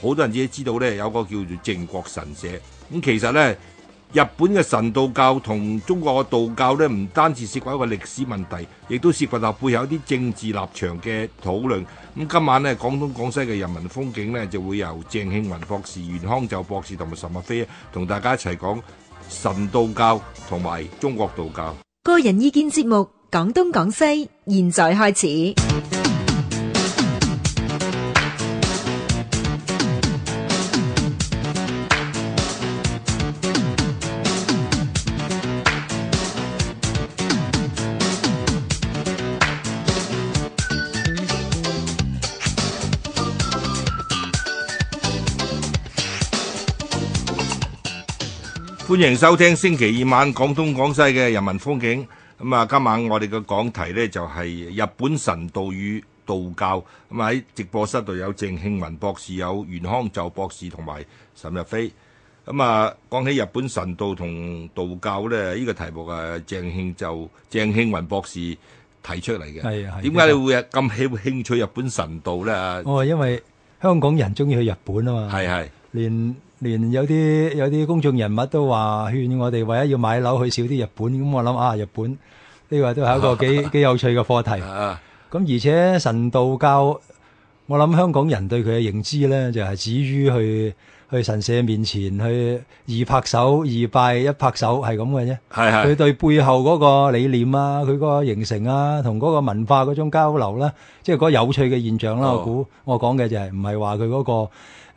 好多人知知道咧，有個叫做靖國神社。咁其實咧，日本嘅神道教同中國嘅道教咧，唔單止涉及一個歷史問題，亦都涉及背後有一啲政治立場嘅討論。咁今晚咧，講東講西嘅人民風景咧，就會由鄭慶雲博士、袁康就博士同埋岑逸飛同大家一齊講神道教同埋中國道教。個人意見節目，講東講西，現在開始。歡迎收聽星期二晚講東講西嘅《人民風景》咁啊！今晚我哋嘅講題呢，就係日本神道與道教。咁喺直播室度有鄭慶雲博士、有袁康就博士同埋岑逸飛咁啊！講起日本神道同道教咧，呢、這個題目啊，鄭慶就、鄭慶雲博士提出嚟嘅。係啊，點解你會咁興興趣日本神道呢？哦，因為香港人中意去日本啊嘛。係係。連。連有啲有啲公眾人物都話勸我哋，為咗要買樓去少啲日本。咁我諗啊，日本呢個都係一個幾幾有趣嘅課題。咁而且神道教，我諗香港人對佢嘅認知咧，就係止於去去神社面前去二拍手二拜一拍手，係咁嘅啫。係係。佢對背後嗰個理念啊，佢個形成啊，同嗰個文化嗰種交流啦，即係嗰個有趣嘅現象啦。我估我講嘅就係唔係話佢嗰個。誒誒誒，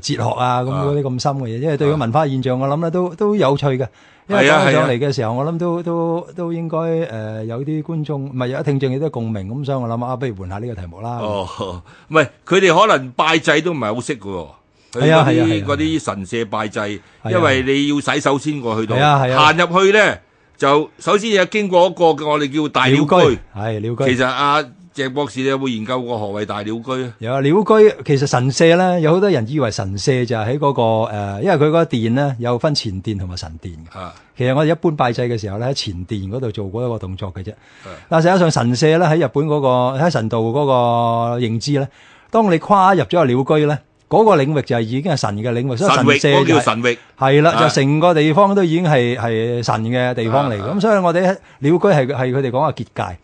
哲學啊，咁嗰啲咁深嘅嘢、啊，因為對個文化現象，啊、我諗咧都都有趣嘅。因為上嚟嘅時候，啊啊、我諗都都都應該誒、呃、有啲觀眾，唔係有啲聽眾有啲共鳴，咁所以我諗啊，不如換下呢個題目啦。哦，唔係，佢哋可能拜祭都唔係好識嘅。係啊係啊嗰啲、啊啊啊啊、神社拜祭、啊，因為你要洗手先過去到。啊係啊。行入、啊啊、去咧，就首先要經過一個我哋叫大鳥居。係鳥居、啊、鳥居。其實啊。鄭博士有冇研究過何為大鳥居啊？有啊，鳥居其實神社咧，有好多人以為神社就係喺嗰個誒、呃，因為佢嗰個殿呢，有分前殿同埋神殿嘅、啊。其實我哋一般拜祭嘅時候咧，喺前殿嗰度做過一個動作嘅啫、啊。但係實際上神社咧喺日本嗰、那個喺神道嗰個認知咧，當你跨入咗個鳥居咧，嗰、那個領域就係已經係神嘅領域。神域，個、就是、叫神域。係啦、啊，就成個地方都已經係係神嘅地方嚟。咁、啊、所以我哋鳥居係係佢哋講嘅結界。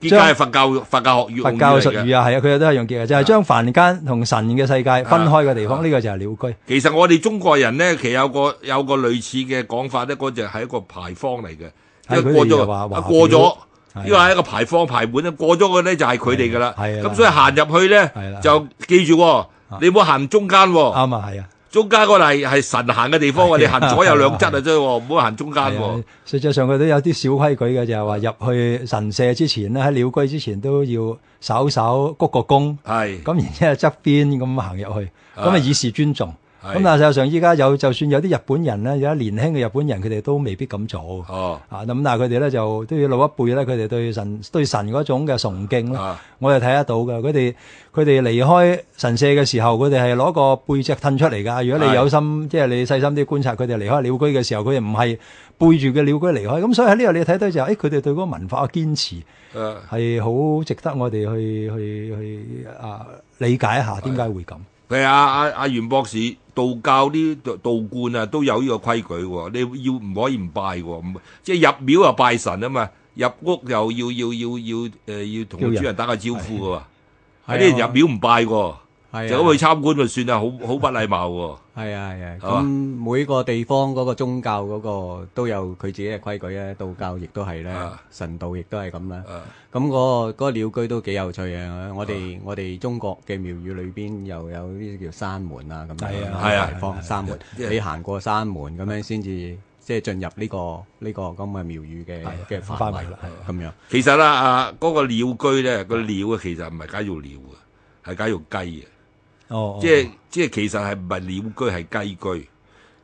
結界係佛教佛教學語，佛教術語啊，係啊，佢哋都係用嘅啊，就係、是、將凡間同神嘅世界分開嘅地方，呢、這個就係鳥居。其實我哋中國人咧，其實有個有個類似嘅講法咧，嗰就係一個牌坊嚟嘅、就是，過咗過咗，呢個係一個牌坊牌門咧，過咗嘅咧就係佢哋噶啦。係啊，咁所以行入去咧，就記住、哦、你冇行中間、哦。啱啊，係啊。中間嗰嚟係係神行嘅地方，我哋行左右兩側啊，啫，唔好行中間。實際上佢都有啲小規矩嘅，就係話入去神社之前啦，喺鳥居之前都要稍稍鞠個躬，係咁，然之後側邊咁行入去，咁啊以示尊重。咁但係事實上，依家有就算有啲日本人咧，有啲年輕嘅日本人，佢哋都未必咁做。哦，啊，咁但係佢哋咧就都要老一輩咧，佢哋對神對神嗰種嘅崇敬咧，我就睇得到㗎。佢哋佢哋離開神社嘅時候，佢哋係攞個背脊褪出嚟㗎。如果你有心，即係你細心啲觀察，佢哋離開鳥居嘅時候，佢哋唔係背住嘅鳥居離開。咁所以喺呢度你睇到就係，誒，佢哋對嗰個文化嘅堅持係好值得我哋去去去啊理解一下點解會咁。係啊！阿、啊、元、啊、袁博士道教啲道觀啊，都有呢個規矩喎、啊。你要唔可以唔拜喎、啊，即係入廟就拜神啊嘛。入屋又要要要、呃、要要同主人打個招呼噶、啊、喎。有啲人，人入廟唔拜喎、啊，走去參觀就算啦，好好不禮貌喎、啊。 係啊係啊，咁、啊、每個地方嗰個宗教嗰個都有佢自己嘅規矩咧，道教亦都係咧，神道亦都係咁啦。咁、啊、嗰、那個嗰、那個、鳥居都幾有趣啊！我哋我哋中國嘅廟宇裏邊又有呢啲叫山門啊，咁樣嘅牌坊、啊、山門，啊啊、你行過山門咁樣先至即係進入呢、這個呢、這個咁嘅廟宇嘅嘅範圍啦，咁樣、啊啊。其實啦、啊，啊、那、嗰個鳥居咧，那個鳥啊其實唔係解用鳥啊，係解用雞啊。哦，哦，即係即係其實係唔係鳥居，係雞居，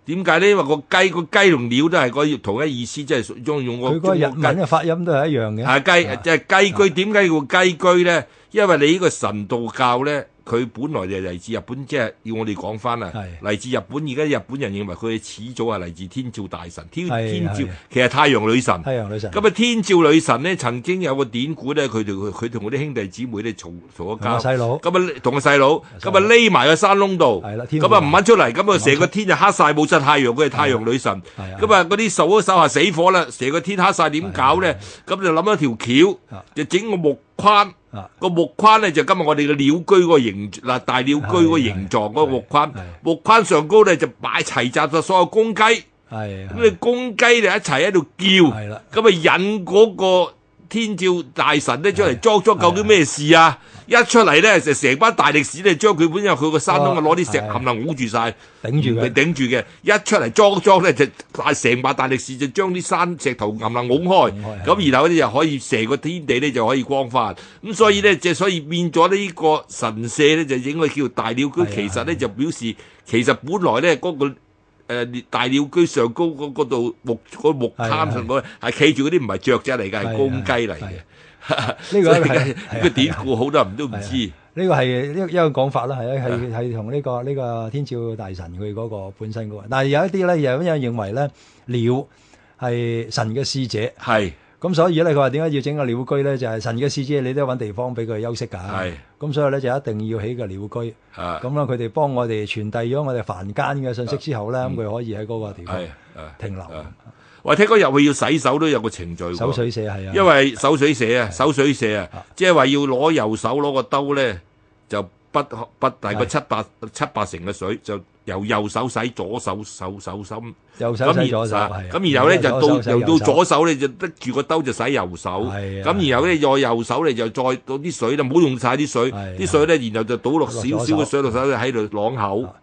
點解咧？因為那個雞個雞同鳥都係個同一意思，即係屬用用個佢個日本嘅發音都係一樣嘅。啊雞，即係雞居，點解、啊、叫雞居咧？因為你呢個神道教咧。佢本來就嚟自日本，即係要我哋講翻啊！嚟自日本，而家日本人認為佢始祖係嚟自天照大神，天天照其實係太陽女神。太陽女神咁啊！天照女神咧，曾經有個典故咧，佢同佢同我啲兄弟姊妹咧嘈嘈咗交。咁啊，同個細佬咁啊，匿埋個山窿度。咁啊，唔搵出嚟，咁啊，成個天就黑晒，冇晒太陽，佢係太陽女神。咁啊，嗰啲數一數下死火啦，成個天黑晒點搞咧？咁就諗一條橋，就整個木。框、個木框咧就、今日我哋嘅鳥居個形嗱大鳥居個形狀個木框，木框上高咧就擺齊集咗所有公雞，係咁你公雞就一齊喺度叫，係啦，咁啊引嗰個。天照大神咧出嚟，裝裝究竟咩事啊？一出嚟咧就成班大力士咧，將佢本身佢個山窿攞啲石冚能捂住晒，頂住嘅，頂頂住嘅。一出嚟裝裝咧就成、哦、把大力士就將啲山石頭冚能捂開，咁然後呢，就可以成個天地咧就可以光返。咁所以咧即係所以變咗呢個神社咧就應該叫大鳥居，其實咧就表示其實本來咧嗰、嗰個誒，大鳥居上高嗰度木嗰木攤上嗰，係企住嗰啲唔係雀仔嚟嘅，係、啊、公雞嚟嘅。呢個係個典故，好多人都唔知。呢、啊啊啊啊啊、個係一個一個講法啦，係係係同呢個呢個天照大神佢嗰個本身嘅。但嗱有一啲咧，有人認為咧鳥係神嘅使者。係。咁所以咧，佢話點解要整個鳥居咧？就係、是、神嘅使者，你都揾地方俾佢休息㗎、啊。咁所以咧，就一定要起個鳥居。咁啦，佢哋幫我哋傳遞咗我哋凡間嘅信息之後咧，咁、啊、佢、嗯、可以喺嗰個地方停留。我、啊、聽講入去要洗手都有個程序。手水社係啊，啊，啊，因為手水社啊，手水社啊，即係話要攞右手攞個兜咧，就不不大概七八、啊啊啊、七八成嘅水就。由右手洗左手，手手心，右手洗左手，咁然後咧就到由到左手咧就拎住個兜就洗右手，咁然後咧再右手咧就再倒啲水咧，唔好用曬啲水，啲水咧然後就倒落少少嘅水落手度，喺度啷口，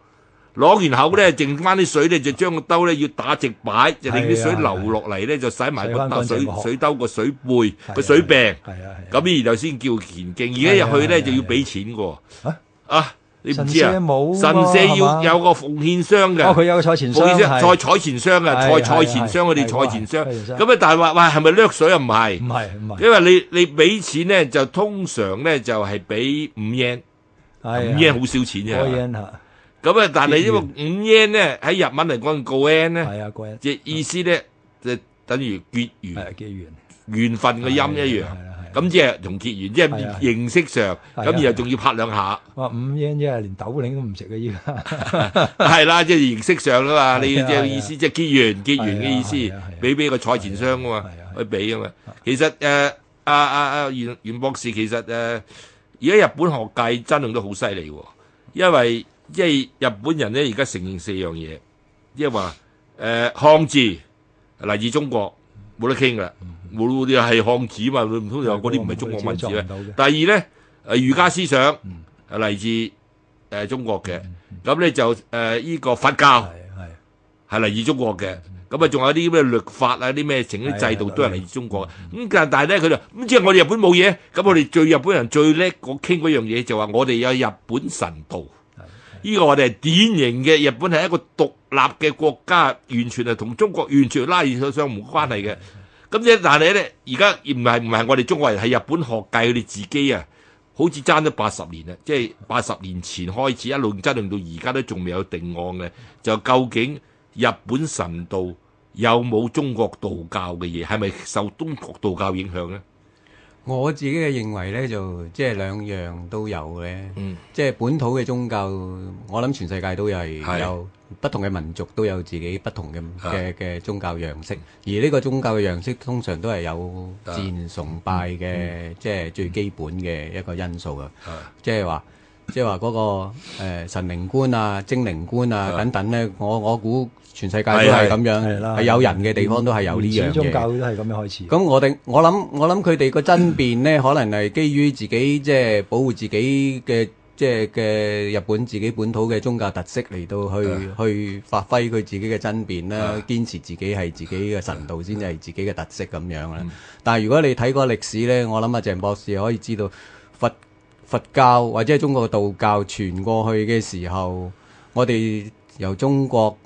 啷完口咧，剩翻啲水咧就將個兜咧要打直擺，就令啲水流落嚟咧，就洗埋本頭水水兜個水背個水柄，咁然後先叫乾淨。而家入去咧就要俾錢喎，啊啊！你唔知啊？神社要有個奉獻箱嘅，佢、哦、有個賽錢箱，賽賽錢箱嘅，賽賽錢箱，我哋賽錢箱。咁啊，但係話喂，係咪掠水啊？唔係，唔係，唔係。因為你你俾錢咧，就通常咧就係俾五 yen，五 yen 好少錢嘅。咁啊，但係呢個五 yen 咧喺日文嚟講個 yen 咧，即意思咧，即係等於結緣，緣分嘅音一樣。咁即係同結緣，即係形式上，咁、啊、然後仲要拍兩下。哇、啊！五英即係連斗零都唔食嘅依家，係啦、啊，即係形式上啦嘛。你即係意思即係結緣結緣嘅意思，俾俾、啊就是啊啊啊、個賽錢箱噶嘛，去俾啊嘛、啊啊。其實誒阿阿阿袁袁博士其實誒而家日本學界爭論都好犀利喎，因為即係日本人咧而家承認四樣嘢，即係話誒漢字嚟自中國，冇得傾噶啦。嗯冇啦！嗰啲係漢字嘛，唔通就嗰啲唔係中國文字咩？第二咧，誒儒家思想係嚟自中國嘅，咁、嗯、咧、嗯嗯、就誒依、呃這個佛教係嚟自中國嘅，咁啊仲有啲咩律法啊啲咩整啲制度都係嚟自中國嘅。咁、嗯嗯、但係咧佢就咁即係我哋日本冇嘢，咁我哋最日本人最叻講傾嗰樣嘢就話我哋有日本神道。呢、嗯嗯這個我哋係典型嘅日本係一個獨立嘅國家，完全係同中國完全拉遠咗上唔關係嘅。嗯嗯嗯咁但係咧，而家唔係唔係我哋中國人，係日本學界佢哋自己啊，好似爭咗八十年啦，即係八十年前開始一路爭，到而家都仲未有定案呢。就究竟日本神道有冇中國道教嘅嘢，係咪受中國道教影響呢？我自己嘅認為咧，就即係兩樣都有呢、嗯、即係本土嘅宗教。我諗全世界都係有是的不同嘅民族都有自己不同嘅嘅嘅宗教樣式。而呢個宗教嘅樣式通常都係有自然崇拜嘅，即係最基本嘅一個因素，即係話。是即係話嗰個誒、呃、神靈觀啊、精靈觀啊等等呢，我我估全世界都係咁樣，係有人嘅地方都係有呢樣宗教都係咁樣開始。咁我哋我諗我諗佢哋個爭辯呢， 可能係基於自己即係、就是、保護自己嘅即係嘅日本自己本土嘅宗教特色嚟到去去發揮佢自己嘅爭辯啦，堅持自己係自己嘅神道先至係自己嘅特色咁樣啦、嗯。但係如果你睇過歷史呢，我諗阿鄭博士可以知道佛。佛教或者係中國嘅道教傳過去嘅時候，我哋由中國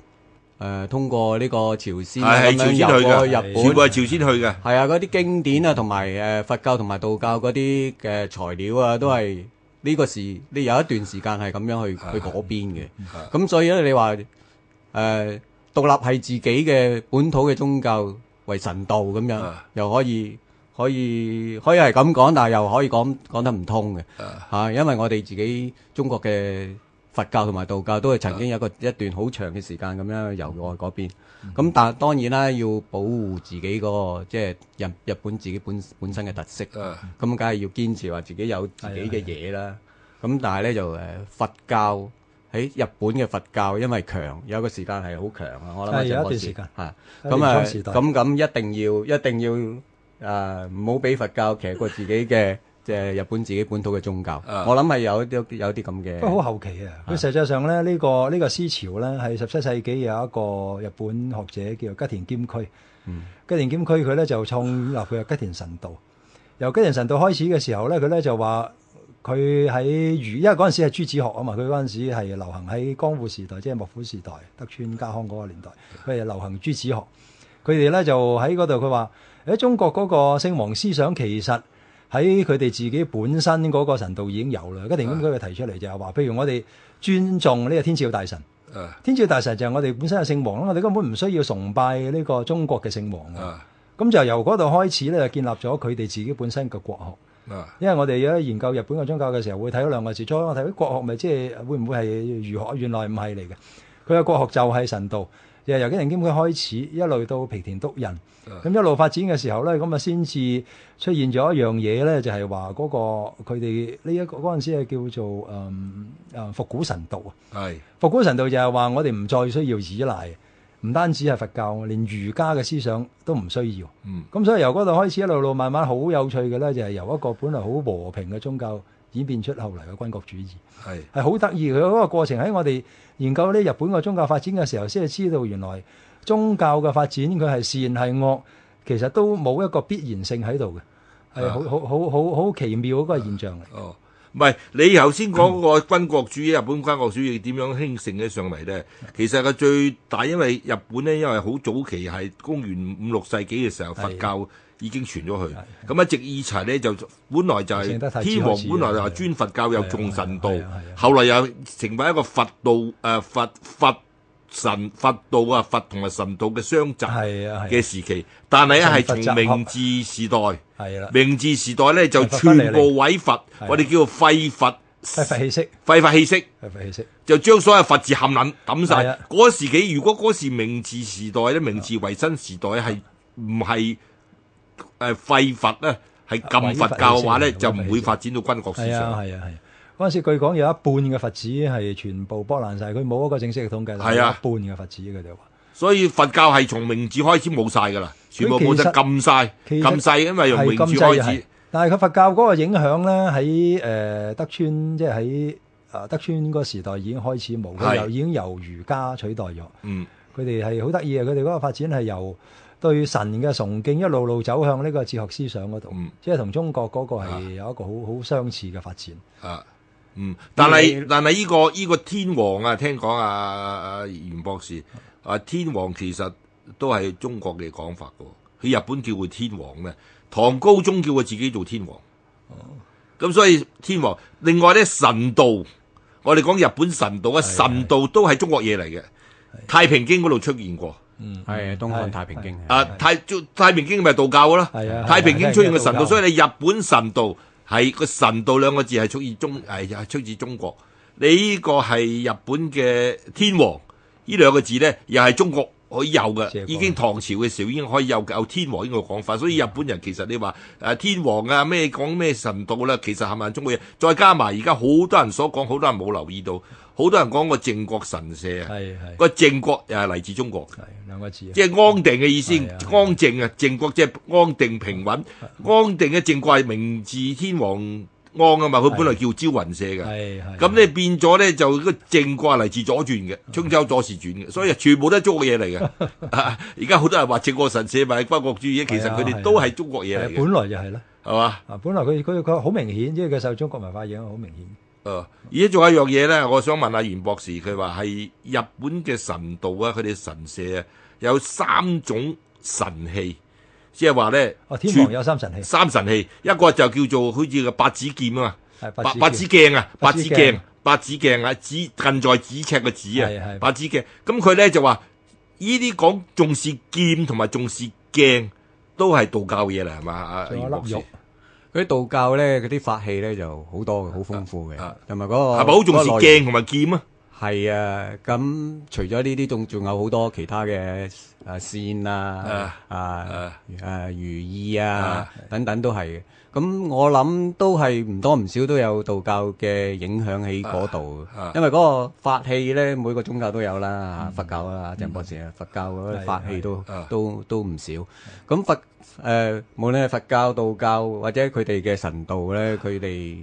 誒通過呢個朝鮮咁樣入去日本，全部係朝鮮去嘅。係啊，嗰啲經典啊，同埋誒佛教同埋道教嗰啲嘅材料啊，都係呢個時，你有一段時間係咁樣去去嗰邊嘅。咁所以咧，你話誒獨立係自己嘅本土嘅宗教為神道咁樣，又可以。可以可以係咁講，但又可以講講得唔通嘅、啊、因為我哋自己中國嘅佛教同埋道教都係曾經有個個一段好長嘅時間咁樣游過去嗰邊，咁、嗯、但係當然啦，要保護自己個即係日日本自己本本身嘅特色，咁梗係要堅持話自己有自己嘅嘢啦。咁但係咧就佛教喺日本嘅佛教，因為強有一個時間係好強啊，我諗一段時間咁啊咁咁一定要、啊、一定要。一定要啊！唔好俾佛教騎過自己嘅，即 係日本自己本土嘅宗教。Uh, 我諗係有啲有啲咁嘅。不過好後期啊！佢實際上咧，呢、這個呢、呢個思潮咧，係十七世紀有一個日本學者叫做吉田兼區。嗯、吉田兼區佢咧就創立佢嘅吉田神道。由吉田神道開始嘅時候咧，佢咧就話佢喺如，因為嗰陣時係朱子學啊嘛。佢嗰陣時係流行喺江戶時代，即係幕府時代，德川家康嗰個年代，佢哋流行朱子學。佢哋咧就喺嗰度佢話。喺中國嗰個聖皇思想，其實喺佢哋自己本身嗰個神道已經有啦。跟住咁佢提出嚟就係話，譬如我哋尊重呢個天照大神，天照大神就係我哋本身嘅聖皇啦。我哋根本唔需要崇拜呢個中國嘅聖皇。咁就由嗰度開始咧，建立咗佢哋自己本身嘅國學。因為我哋而家研究日本嘅宗教嘅時候，會睇到兩個字。再睇國學，咪即係會唔會係儒學？原來唔係嚟嘅。佢嘅國學就係神道。誒由經人經佢開始，一路到平田篤胤，咁一路發展嘅時候咧，咁啊先至出現咗一樣嘢咧，就係話嗰個佢哋呢一個嗰陣時係叫做誒誒、嗯、復古神道啊。係復古神道就係話我哋唔再需要依賴，唔單止係佛教，連儒家嘅思想都唔需要。嗯，咁所以由嗰度開始，一路路慢慢好有趣嘅咧，就係、是、由一個本來好和平嘅宗教，演變出後嚟嘅軍國主義，係係好得意。佢嗰、嗰個過程喺我哋研究呢日本嘅宗教發展嘅時候，先係知道原來宗教嘅發展佢係善係惡，其實都冇一個必然性喺度嘅，係好好好好好奇妙嘅一個現象、啊啊、哦，唔係你頭先講個軍國主義，嗯、日本軍國主義點樣興盛嘅上嚟咧、嗯？其實個最大因為日本咧，因為好早期係公元五六世紀嘅時候佛教。已經傳咗去，咁一直耳禪咧就本來就係天皇本來又尊佛教又重神道，後來又成為一個佛道誒佛佛神佛道啊佛同埋神道嘅相集嘅時期，但係係從明治時代係啦，明治時代咧就全部毀佛，我哋叫廢佛，廢佛氣息，廢佛氣息，就將所有佛字冚捻抌晒。嗰時期如果嗰時明治時代咧，明治維新時代係唔係？誒，廢佛咧，係禁佛教嘅話咧，就唔會發展到軍國思想。係啊，係啊，嗰陣時據講有一半嘅佛寺係全部剝爛晒，佢冇一個正式嘅統計，係啊，一半嘅佛寺佢哋話。所以佛教係從明治開始冇晒噶啦，全部冇晒禁晒，禁晒，因為用明治開始。但係佢佛教嗰個影響咧，喺誒、呃、德川，即係喺啊德川嗰個時代已經開始冇，佢由、啊、已經由儒家取代咗。嗯，佢哋係好得意啊！佢哋嗰個發展係由。對神嘅崇敬一路路走向呢個哲學思想嗰度、嗯，即係同中國嗰個係有一個好好、啊、相似嘅發展。啊，嗯，但係但係呢、呢個呢、呢個天皇啊，聽講啊，阿、啊、袁博士，啊天皇其實都係中國嘅講法喎。佢日本叫佢天皇咩？唐高宗叫佢自己做天皇。哦，咁所以天皇，另外咧神道，我哋講日本神道啊，神道都係中國嘢嚟嘅，《太平經》嗰度出現過。嗯，係《東漢太平經》啊，《太》太《太平經》咪道教咯，《太平經》出現嘅神道，所以你日本神道係個神道兩個字係出自中，係、哎、係出自中國。你呢個係日本嘅天皇呢兩個字咧，又係中國可以有嘅，已經唐朝嘅時候已經可以有有天皇呢個講法。所以日本人其實你話誒、啊、天皇啊咩講咩神道啦、啊，其實係咪中國嘢？再加埋而家好多人所講，好多人冇留意到。好多人講過靖國神社啊，個靖國又係嚟自中國，兩個字，即、就、係、是、安定嘅意思，安靖啊，靖、啊、國即係安定平穩、啊，安定嘅靖國係明治天皇安啊嘛，佢、啊、本來叫招魂社嘅，咁你、啊啊、變咗咧就個靖國嚟自左傳嘅，春、啊啊啊、秋左氏傳嘅，所以全部都係中國嘢嚟嘅。而家好多人話靖國神社咪軍國主義，其實佢哋都係中國嘢嚟嘅，本來就係啦係嘛？本來佢佢好明顯，即係佢受中國文化影響好明顯。而家仲有一樣嘢咧，我想問下袁博士，佢話係日本嘅神道啊，佢哋神社啊，有三種神器，即係話咧，天皇有三神器，三神器，嗯、一個就叫做好似個八咫劍啊，八八咫鏡啊，八咫鏡，八咫鏡啊，咫近在咫尺嘅咫啊，八咫鏡，咁佢咧就話呢啲講重視劍同埋重視鏡，都係道教嘢嚟係嘛？啊，袁博士。佢啲道教咧，佢啲法器咧就好多嘅，好豐富嘅，同埋嗰個，係咪好重視鏡同埋劍啊？係啊，咁除咗呢啲，仲仲有好多其他嘅啊扇啊、啊啊如意啊等等都係嘅。咁我諗都係唔多唔少都有道教嘅影響喺嗰度，因為嗰個法器咧每個宗教都有啦，嚇，佛教啊鄭博士啊，佛教嗰啲法器都都都唔少。咁佛誒無論係佛教、道教或者佢哋嘅神道咧，佢哋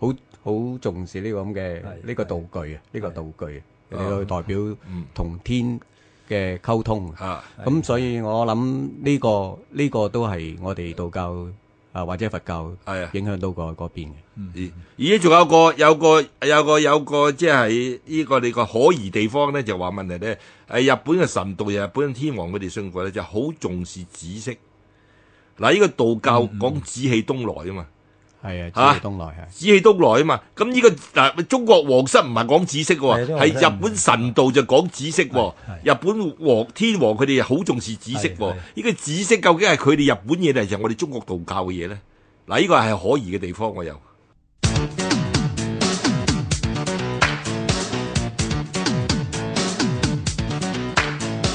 好。好重視呢個咁嘅呢個道具啊，呢、這個道具去代表同天嘅溝通。咁、嗯、所以我諗呢、這個呢、嗯這個都係我哋道教啊或者佛教影響到過、那、嗰、個啊、邊嘅、嗯。而且仲有個有個有個有個即係呢個你、這個可疑地方咧，就話問題咧，日本嘅神道、日本天皇佢哋信佛咧，就好重視紫色。嗱呢個道教講紫氣東來啊嘛。嗯嗯係啊，紫氣東來啊。紫氣東來啊嘛，咁、嗯、呢、這個嗱，中國皇室唔係講紫色喎，係日本神道就講紫色喎。日本皇天皇佢哋好重視紫色喎。呢、這個紫色究竟係佢哋日本嘢定係我哋中國道教嘅嘢咧？嗱，呢個係可疑嘅地方我又。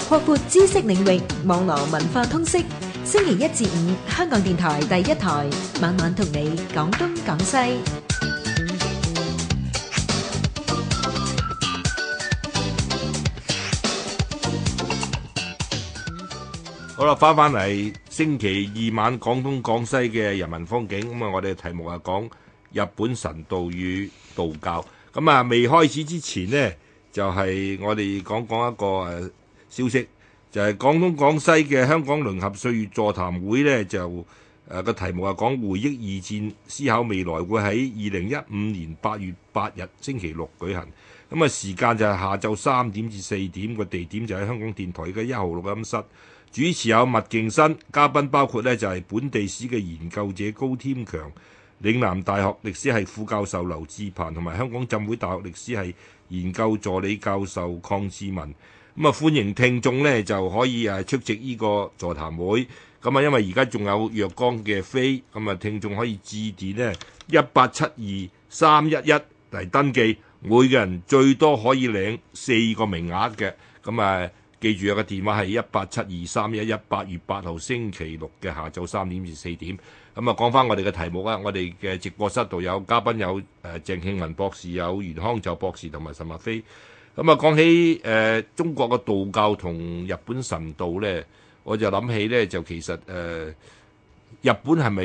擴闊知識領域，網羅文化通識。星期一至五，香港電台第一台晚晚同你講東講西。好啦，返返嚟星期二晚廣東廣西嘅人文風景。咁啊，我哋嘅題目係講日本神道與道教。咁啊，未開始之前呢，就係我哋講講一個誒消息。就係、是、廣東廣西嘅香港聯合歲月座談會呢，就誒個、呃、題目係講回憶二戰，思考未來會在2015 8 8，會喺二零一五年八月八日星期六舉行。咁啊，時間就係下晝三點至四點，個地點就喺香港電台嘅一號錄音室。主持有麥敬新，嘉賓包括呢就係本地史嘅研究者高添強、嶺南大學歷史系副教授劉志鵬，同埋香港浸會大學歷史系研究助理教授鄺志文。咁啊，歡迎聽眾咧就可以出席呢個座談會。咁啊，因為而家仲有若干嘅飛，咁啊聽眾可以致電呢一八七二三一一嚟登記。每個人最多可以領四個名額嘅。咁啊，記住有個電話係一八七二三一一。八月八號星期六嘅下晝三點至四點。咁啊，講翻我哋嘅題目啊，我哋嘅直播室度有嘉賓有誒鄭慶雲博士、有袁康就博士同埋岑逸飛咁啊，講起誒中國嘅道教同日本神道咧，我就諗起咧就其實誒、呃、日本係咪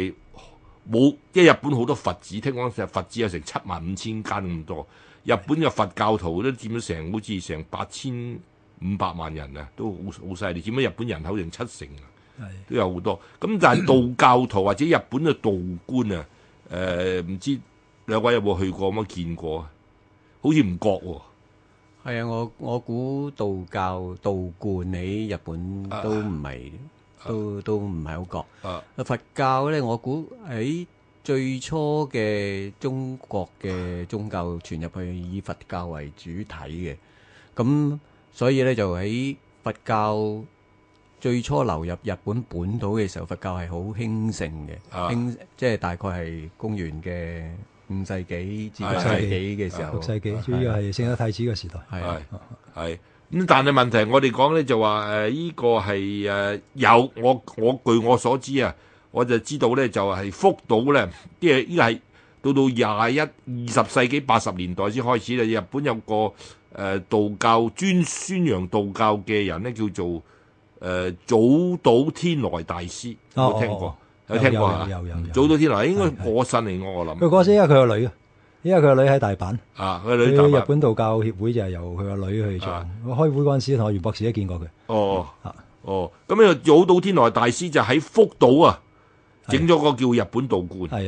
冇？因為日本好多佛寺，聽講成佛寺有成七萬五千間咁多。日本嘅佛教徒都佔咗成好似成八千五百萬人啊，都好好犀利，佔咗日本人口成七成啊，都有好多。咁但係道教徒或者日本嘅道觀啊，誒、呃、唔知兩位有冇去過乜見過啊？好似唔覺喎、哦。係啊，我我估道教道觀喺日本都唔係、啊，都、啊、都唔係好覺。佛教呢，我估喺最初嘅中國嘅宗教傳入去，以佛教為主體嘅。咁所以呢，就喺佛教最初流入日本本土嘅時候，佛教係好興盛嘅，興、即、啊、係、即係、大概係公元嘅。五世紀至六世紀嘅時候，六世紀主要係聖德太子嘅時代。咁、嗯，但係問題我哋講咧就話、是、誒，依個係有我我據我所知啊，我就知道咧就係福島咧，即係依個係到到廿一二十世紀八十年代先開始啦。日本有個、呃、道教專宣揚道教嘅人咧，叫做誒早島天來大師，有冇聽過？哦哦哦。有聽過有有，有，有，有，有早到天來應該過身嚟我我諗。佢過身，因為佢個女，啊，因為佢個女喺大阪。啊，佢佢日本道教協會就係、是、由佢個女去做。我、啊、開會陣時同阿袁博士都見過佢。哦，是哦，咁樣早到天來大師就喺福島啊，整咗個叫日本道觀。係。